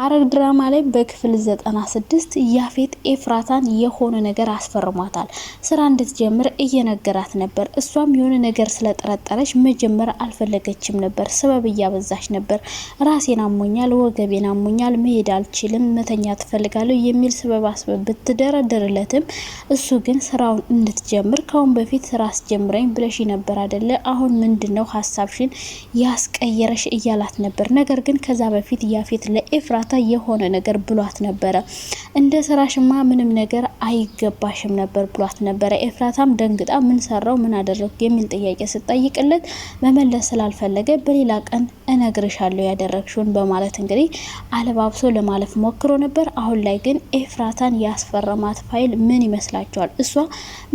ሐረግ ድራማ ላይ በክፍል 96 ያፌት ኤፍራታን የሆነ ነገር አስፈርሟታል። ስራ እንድትጀምር እየነገራት ነበር። እሷም የሆነ ነገር ስለጠረጠረች መጀመር አልፈለገችም ነበር። ስበብ እያበዛች ነበር። ራሴን አሞኛል፣ ወገቤን አሞኛል፣ መሄድ አልችልም፣ መተኛ ትፈልጋለሁ የሚል ስበብ አስበብ ብትደረድርለትም እሱ ግን ስራውን እንድትጀምር ካሁን በፊት ስራ አስጀምረኝ ብለሽ ነበር አደለ? አሁን ምንድን ነው ሀሳብሽን ያስቀየረሽ እያላት ነበር። ነገር ግን ከዛ በፊት ያፌት ለኤፍራት ማታ የሆነ ነገር ብሏት ነበረ። እንደ ስራሽማ ምንም ነገር አይገባሽም ነበር ብሏት ነበረ። ኤፍራታም ደንግጣ ምን ሰራው ምን አደረግ የሚል ጥያቄ ስጠይቅለት መመለስ ስላልፈለገ በሌላ ቀን እነግርሻለሁ ያደረግሽውን በማለት እንግዲህ አለባብሶ ለማለፍ ሞክሮ ነበር። አሁን ላይ ግን ኤፍራታን ያስፈረማት ፋይል ምን ይመስላችኋል? እሷ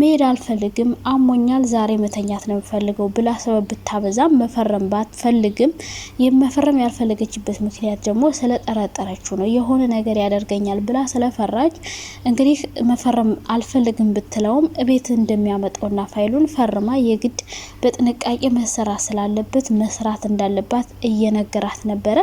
መሄድ አልፈልግም፣ አሞኛል፣ ዛሬ መተኛት ነው የምፈልገው ብላ ሰበብ ብታበዛም መፈረም ባትፈልግም መፈረም ያልፈለገችበት ምክንያት ደግሞ ስለጠረጠረችው ነው። የሆነ ነገር ያደርገኛል ብላ ስለፈራች እንግዲህ መፈረም አልፈልግም ብትለውም እቤት እንደሚያመጣውና ፋይሉን ፈርማ የግድ በጥንቃቄ መሰራት ስላለበት መስራት እንዳለባት እየነገራት ነበረ።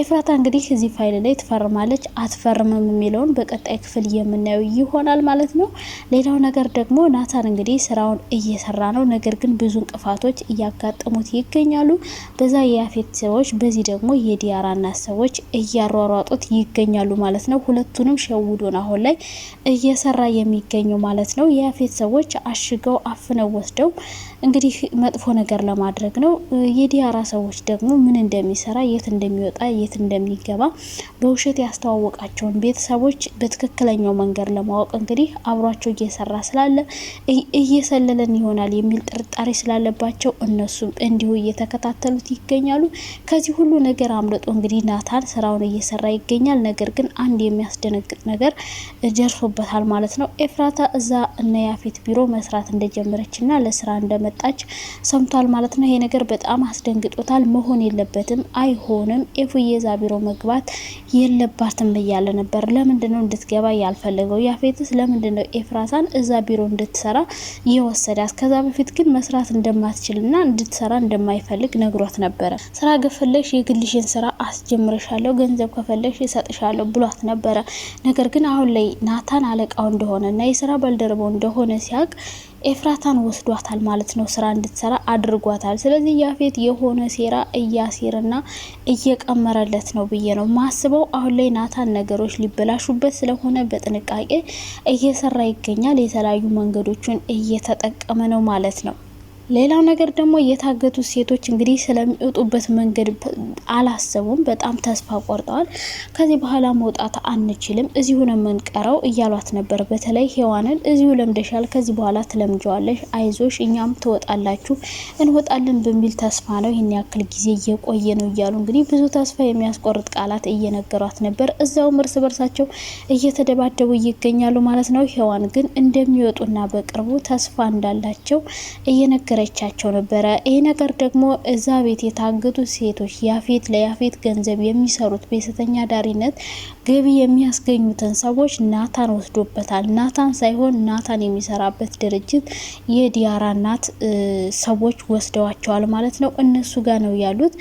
ኤፍራታ እንግዲህ እዚህ ፋይል ላይ ትፈርማለች አትፈርምም የሚለውን በቀጣይ ክፍል የምናየው ይሆናል ማለት ነው። ሌላው ነገር ደግሞ ናታን እንግዲህ ስራውን እየሰራ ነው፣ ነገር ግን ብዙ እንቅፋቶች እያጋጠሙት ይገኛሉ። በዛ የያፌት ሰዎች፣ በዚህ ደግሞ የዲያራና ሰዎች እያሯሯጡት ይገኛሉ ማለት ነው። ሁለቱንም ሸውዶን አሁን ላይ እየሰራ የሚገኘው ማለት ነው። የያፌት ሰዎች አሽገው አፍነው ወስደው እንግዲህ መጥፎ ነገር ለማድረግ ነው። የዲያራ ሰዎች ደግሞ ምን እንደሚሰራ፣ የት እንደሚወጣ፣ የት እንደሚገባ በውሸት ያስተዋወቃቸውን ቤተሰቦች በትክክለኛው መንገድ ለማወቅ እንግዲህ አብሯቸው እየሰራ ስላለ እየሰለለን ይሆናል የሚል ጥርጣሬ ስላለባቸው እነሱም እንዲሁ እየተከታተሉት ይገኛሉ። ከዚህ ሁሉ ነገር አምልጦ እንግዲህ ናታን ስራውን እየሰራ ይገኛል። ነገር ግን አንድ የሚያስደነግጥ ነገር ደርሶበታል ማለት ነው። ኤፍራታ እዛ እነ ያፌት ቢሮ መስራት እንደጀመረችና ለስራ እንደመጣች ሰምቷል ማለት ነው። ይሄ ነገር በጣም አስደንግጦታል። መሆን የለም የለበትም፣ አይሆንም፣ ኤፉዬ እዛ ቢሮ መግባት የለባትም እያለ ነበር። ለምንድን ነው እንድትገባ ያልፈለገው? ያፌትስ ለምንድን ነው ኤፍራሳን እዛ ቢሮ እንድትሰራ የወሰዳት? ከዛ በፊት ግን መስራት እንደማትችልና እንድትሰራ እንደማይፈልግ ነግሯት ነበረ። ስራ ከፈለግሽ የግልሽን ስራ አስጀምረሻለሁ፣ ገንዘብ ከፈለግሽ እሰጥሻለሁ ብሏት ነበረ። ነገር ግን አሁን ላይ ናታን አለቃው እንደሆነ እና የስራ ባልደረባው እንደሆነ ሲያውቅ ኤፍራታን ወስዷታል ማለት ነው። ስራ እንድትሰራ አድርጓታል። ስለዚህ ያፌት የሆነ ሴራ እያሴርና እየቀመረለት ነው ብዬ ነው ማስበው። አሁን ላይ ናታን ነገሮች ሊበላሹበት ስለሆነ በጥንቃቄ እየሰራ ይገኛል። የተለያዩ መንገዶችን እየተጠቀመ ነው ማለት ነው። ሌላው ነገር ደግሞ የታገቱ ሴቶች እንግዲህ ስለሚወጡበት መንገድ አላሰቡም። በጣም ተስፋ ቆርጠዋል። ከዚህ በኋላ መውጣት አንችልም፣ እዚሁ ነው የምንቀረው እያሏት ነበር። በተለይ ሔዋንን እዚሁ ለምደሻል፣ ከዚህ በኋላ ትለምጀዋለሽ፣ አይዞሽ፣ እኛም ትወጣላችሁ፣ እንወጣለን በሚል ተስፋ ነው ይህን ያክል ጊዜ እየቆየ ነው እያሉ እንግዲህ ብዙ ተስፋ የሚያስቆርጥ ቃላት እየነገሯት ነበር። እዛውም እርስ በርሳቸው እየተደባደቡ ይገኛሉ ማለት ነው። ሔዋን ግን እንደሚወጡና በቅርቡ ተስፋ እንዳላቸው እየነገ እየመሰከረቻቸው ነበረ። ይህ ነገር ደግሞ እዛ ቤት የታገቱት ሴቶች ያፌት ለያፌት ገንዘብ የሚሰሩት በሴተኛ አዳሪነት ገቢ የሚያስገኙትን ሰዎች ናታን ወስዶበታል። ናታን ሳይሆን ናታን የሚሰራበት ድርጅት የዲያራ ናት ሰዎች ወስደዋቸዋል ማለት ነው። እነሱ ጋር ነው ያሉት።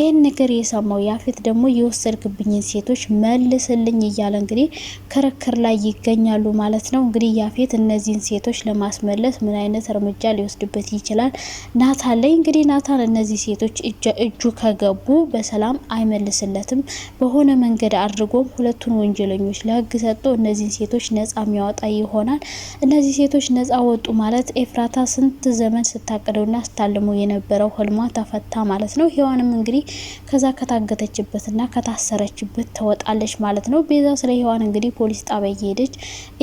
ይህን ነገር የሰማው ያፌት ደግሞ የወሰድክብኝን ሴቶች መልስልኝ እያለ እንግዲህ ክርክር ላይ ይገኛሉ ማለት ነው። እንግዲህ ያፌት እነዚህን ሴቶች ለማስመለስ ምን አይነት እርምጃ ሊወስድበት ይችላል? ይላል ናታን ላይ እንግዲህ ናታን እነዚህ ሴቶች እጁ ከገቡ በሰላም አይመልስለትም። በሆነ መንገድ አድርጎም ሁለቱን ወንጀለኞች ለህግ ሰጥቶ እነዚህን ሴቶች ነጻ የሚያወጣ ይሆናል። እነዚህ ሴቶች ነጻ ወጡ ማለት ኤፍራታ ስንት ዘመን ስታቅደውና ስታልሙ የነበረው ህልሟ ተፈታ ማለት ነው። ሔዋንም እንግዲህ ከዛ ከታገተችበትና ከታሰረችበት ትወጣለች ማለት ነው። ቤዛ ስለ ሔዋን እንግዲህ ፖሊስ ጣቢያ እየሄደች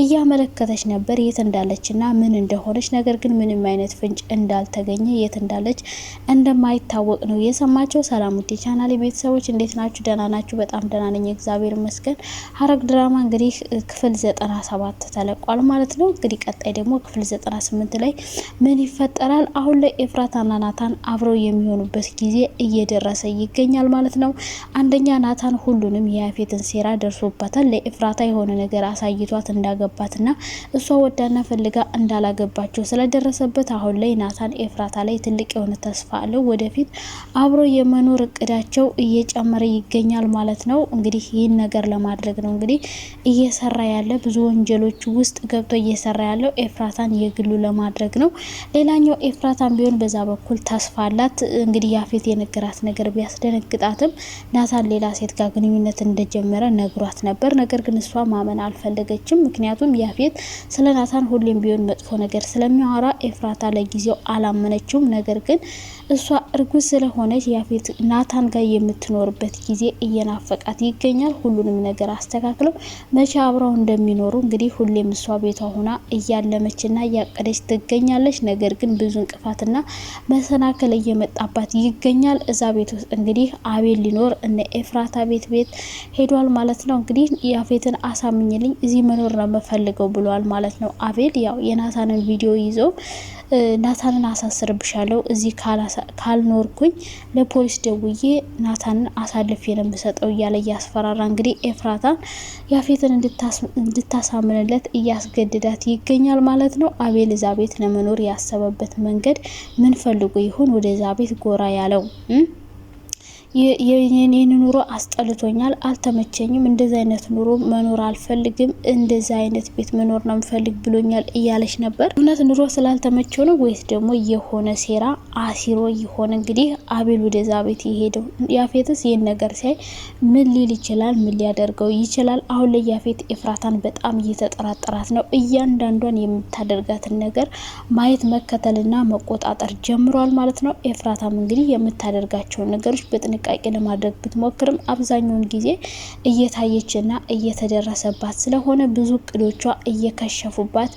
እያመለከተች ነበር የት እንዳለችና ምን እንደሆነች ነገር ግን ምንም አይነት ፍንጭ እንዳል እንዳልተገኘ የት እንዳለች እንደማይታወቅ ነው የሰማቸው። ሰላም ውድ የቻናሌ ቤተሰቦች እንዴት ናችሁ? ደህና ናችሁ? በጣም ደህና ነኝ እግዚአብሔር ይመስገን። ሐረግ ድራማ እንግዲህ ክፍል ዘጠና ሰባት ተለቋል ማለት ነው። እንግዲህ ቀጣይ ደግሞ ክፍል ዘጠና ስምንት ላይ ምን ይፈጠራል? አሁን ላይ ኤፍራታና ናታን አብረው የሚሆኑበት ጊዜ እየደረሰ ይገኛል ማለት ነው። አንደኛ ናታን ሁሉንም የያፌትን ሴራ ደርሶባታል። ለኤፍራታ የሆነ ነገር አሳይቷት እንዳገባትና እሷ ወዳና ፈልጋ እንዳላገባቸው ስለደረሰበት አሁን ላይ ናታን ኤፍራታ ላይ ትልቅ የሆነ ተስፋ አለው። ወደፊት አብሮ የመኖር እቅዳቸው እየጨመረ ይገኛል ማለት ነው። እንግዲህ ይህን ነገር ለማድረግ ነው እንግዲህ እየሰራ ያለ ብዙ ወንጀሎች ውስጥ ገብቶ እየሰራ ያለው ኤፍራታን የግሉ ለማድረግ ነው። ሌላኛው ኤፍራታን ቢሆን በዛ በኩል ተስፋ አላት። እንግዲህ ያፌት የነገራት ነገር ቢያስደነግጣትም ናታን ሌላ ሴት ጋር ግንኙነት እንደጀመረ ነግሯት ነበር። ነገር ግን እሷ ማመን አልፈለገችም። ምክንያቱም ያፌት ስለ ናታን ሁሌም ቢሆን መጥፎ ነገር ስለሚያወራ ኤፍራታ ለጊዜው አላ አላመነችውም። ነገር ግን እሷ እርጉዝ ስለሆነች ያፌት ናታን ጋር የምትኖርበት ጊዜ እየናፈቃት ይገኛል። ሁሉንም ነገር አስተካክለው መቼ አብረው እንደሚኖሩ እንግዲህ ሁሌም እሷ ቤቷ ሆና እያለመችና እያቀደች ትገኛለች። ነገር ግን ብዙ እንቅፋትና መሰናክል እየመጣባት ይገኛል። እዛ ቤት ውስጥ እንግዲህ አቤል ሊኖር እነ ኤፍራታ ቤት ቤት ሄዷል ማለት ነው። እንግዲህ ያፌትን አሳምኝልኝ እዚህ መኖር ነው የምፈልገው ብሏል ማለት ነው። አቤል ያው የናታንን ቪዲዮ ይዘው ናታንን አሳስርብሻለሁ እዚህ ካልኖርኩኝ ለፖሊስ ደውዬ ናታንን አሳልፌ ነው የምሰጠው እያለ እያስፈራራ እንግዲህ ኤፍራታን ያፌትን እንድታሳምንለት እያስገድዳት ይገኛል ማለት ነው። አቤል እዛ ቤት ለመኖር ያሰበበት መንገድ ምን ፈልጎ ይሆን ወደ ቤት ጎራ ያለው? የኔን ኑሮ አስጠልቶኛል፣ አልተመቸኝም፣ እንደዚ አይነት ኑሮ መኖር አልፈልግም፣ እንደዚ አይነት ቤት መኖር ነው ምፈልግ ብሎኛል እያለች ነበር። እውነት ኑሮ ስላልተመቸው ነው ወይስ ደግሞ የሆነ ሴራ አሲሮ የሆነ እንግዲህ አቤል ወደዛ ቤት የሄደው? ያፌትስ ይህን ነገር ሲያይ ምን ሊል ይችላል? ምን ሊያደርገው ይችላል? አሁን ላይ ያፌት ኤፍራታን በጣም እየተጠራጠራት ነው። እያንዳንዷን የምታደርጋትን ነገር ማየት መከተልና መቆጣጠር ጀምሯል ማለት ነው። ኤፍራታም እንግዲህ የምታደርጋቸውን ነገሮች በጥንቃ ጥንቃቄ ለማድረግ ብትሞክርም አብዛኛውን ጊዜ እየታየችና እየተደረሰባት ስለሆነ ብዙ እቅዶቿ እየከሸፉባት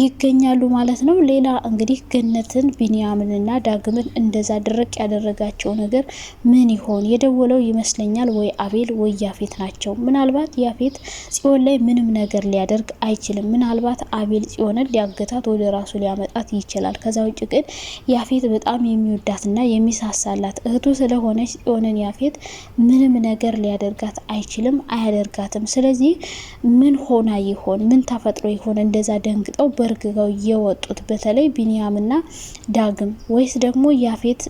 ይገኛሉ ማለት ነው። ሌላ እንግዲህ ገነትን ቢንያምንና ዳግምን እንደዛ ድርቅ ያደረጋቸው ነገር ምን ይሆን? የደወለው ይመስለኛል ወይ አቤል ወይ ያፌት ናቸው። ምናልባት ያፌት ጽዮን ላይ ምንም ነገር ሊያደርግ አይችልም። ምናልባት አቤል ጽዮንን ሊያገታት ወደ ራሱ ሊያመጣት ይችላል። ከዛ ውጭ ግን ያፌት በጣም የሚወዳትና የሚሳሳላት እህቱ ስለሆነች ጽዮን አሁንን ያፌት ምንም ነገር ሊያደርጋት አይችልም፣ አያደርጋትም። ስለዚህ ምን ሆና ይሆን ምን ተፈጥሮ ይሆን እንደዛ ደንግጠው በርግገው የወጡት በተለይ ቢንያምና ዳግም፣ ወይስ ደግሞ ያፌት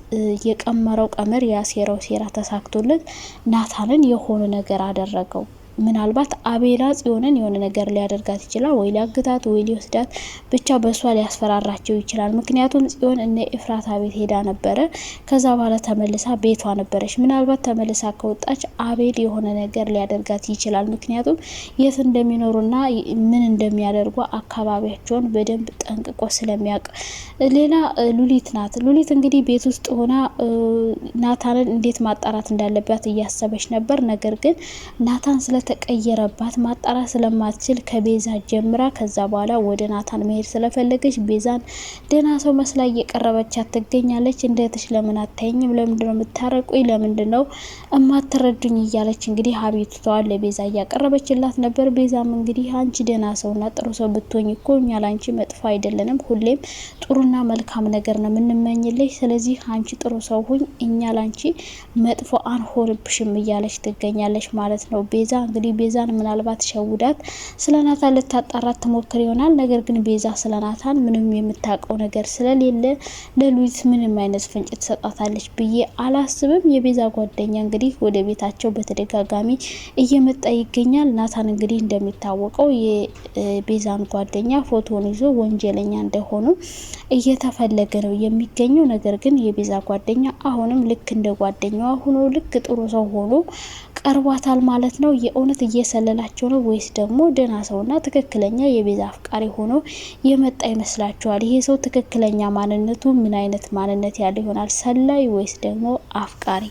የቀመረው ቀመር ያሴረው ሴራ ተሳክቶለት ናታንን የሆነ ነገር አደረገው? ምናልባት አቤላ ጽዮንን የሆነ ነገር ሊያደርጋት ይችላል፣ ወይ ሊያግታት፣ ወይ ሊወስዳት ብቻ በእሷ ሊያስፈራራቸው ይችላል። ምክንያቱም ጽዮን እነ ኤፍራታ ቤት ሄዳ ነበረ። ከዛ በኋላ ተመልሳ ቤቷ ነበረች። ምናልባት ተመልሳ ከወጣች አቤል የሆነ ነገር ሊያደርጋት ይችላል። ምክንያቱም የት እንደሚኖሩና ምን እንደሚያደርጉ አካባቢያቸውን በደንብ ጠንቅቆ ስለሚያውቅ። ሌላ ሉሊት ናት። ሉሊት እንግዲህ ቤት ውስጥ ሆና ናታንን እንዴት ማጣራት እንዳለባት እያሰበች ነበር። ነገር ግን ናታን ስለ እንደተቀየረባት ማጣራት ስለማትችል ከቤዛ ጀምራ ከዛ በኋላ ወደ ናታን መሄድ ስለፈለገች ቤዛን ደህና ሰው መስላ እየቀረበቻት ትገኛለች። እንደትሽ ለምን አታይኝም? ለምንድን ነው የምታረቁኝ? ለምንድ ነው እማትረዱኝ? እያለች እንግዲህ አቤቱታዋን ለቤዛ እያቀረበችላት ነበር። ቤዛም እንግዲህ አንቺ ደህና ሰውና ጥሩ ሰው ብትሆኝ እኮ እኛ ላንቺ መጥፎ አይደለንም፣ ሁሌም ጥሩና መልካም ነገር ነው የምንመኝልሽ። ስለዚህ አንቺ ጥሩ ሰው ሁኝ፣ እኛ ላንቺ መጥፎ አንሆንብሽም እያለች ትገኛለች ማለት ነው ቤዛ እንግዲህ እንግዲህ ቤዛን ምናልባት ሸውዳት ስለናታን ልታጣራት ትሞክር ይሆናል። ነገር ግን ቤዛ ስለናታን ምንም የምታውቀው ነገር ስለሌለ ለሉዊት ምንም አይነት ፍንጭ ትሰጣታለች ብዬ አላስብም። የቤዛ ጓደኛ እንግዲህ ወደ ቤታቸው በተደጋጋሚ እየመጣ ይገኛል። ናታን እንግዲህ እንደሚታወቀው የቤዛን ጓደኛ ፎቶን ይዞ ወንጀለኛ እንደሆኑ እየተፈለገ ነው የሚገኘው። ነገር ግን የቤዛ ጓደኛ አሁንም ልክ እንደ ጓደኛዋ ሆኖ ልክ ጥሩ ሰው ሆኖ ቀርቧታል ማለት ነው። እውነት እየሰለላቸው ነው ወይስ ደግሞ ደህና ሰውና ትክክለኛ የቤዛ አፍቃሪ ሆኖ የመጣ ይመስላችኋል? ይሄ ሰው ትክክለኛ ማንነቱ ምን አይነት ማንነት ያለው ይሆናል? ሰላይ ወይስ ደግሞ አፍቃሪ?